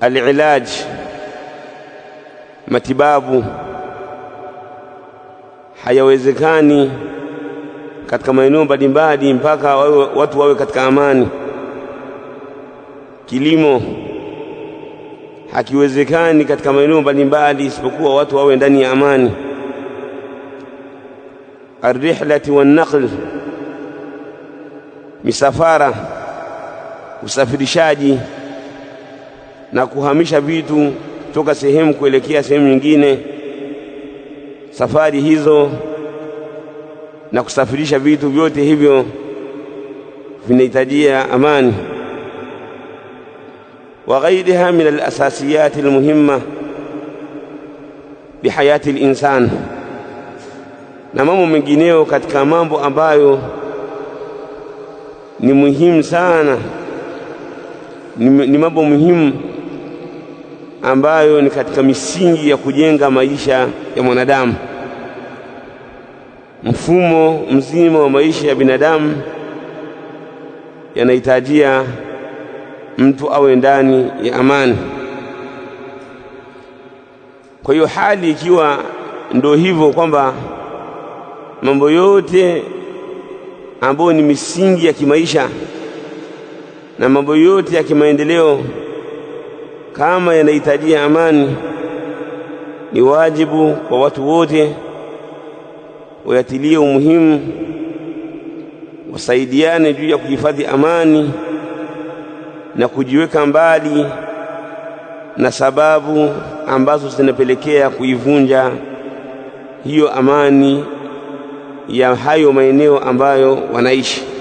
alilaj, matibabu hayawezekani katika maeneo mbalimbali mpaka wawe, watu wawe katika amani. Kilimo hakiwezekani katika maeneo mbalimbali isipokuwa watu wawe ndani ya amani. Arrihlati wannaql, misafara, usafirishaji na kuhamisha vitu toka sehemu kuelekea sehemu nyingine, safari hizo na kusafirisha vitu vyote hivyo vinahitajia amani. wa ghairiha min alasasiyati almuhimma bihayati alinsani, na mambo mengineyo katika mambo ambayo ni muhimu sana, ni mambo muhimu ambayo ni katika misingi ya kujenga maisha ya mwanadamu. Mfumo mzima wa maisha ya binadamu yanahitajia mtu awe ndani ya amani. Kwa hiyo hali ikiwa ndio hivyo kwamba mambo yote ambayo ni misingi ya kimaisha na mambo yote ya kimaendeleo kama yanahitaji amani, ni wajibu kwa watu wote wayatilie umuhimu, wasaidiane juu ya kuhifadhi amani na kujiweka mbali na sababu ambazo zinapelekea kuivunja hiyo amani ya hayo maeneo ambayo wanaishi.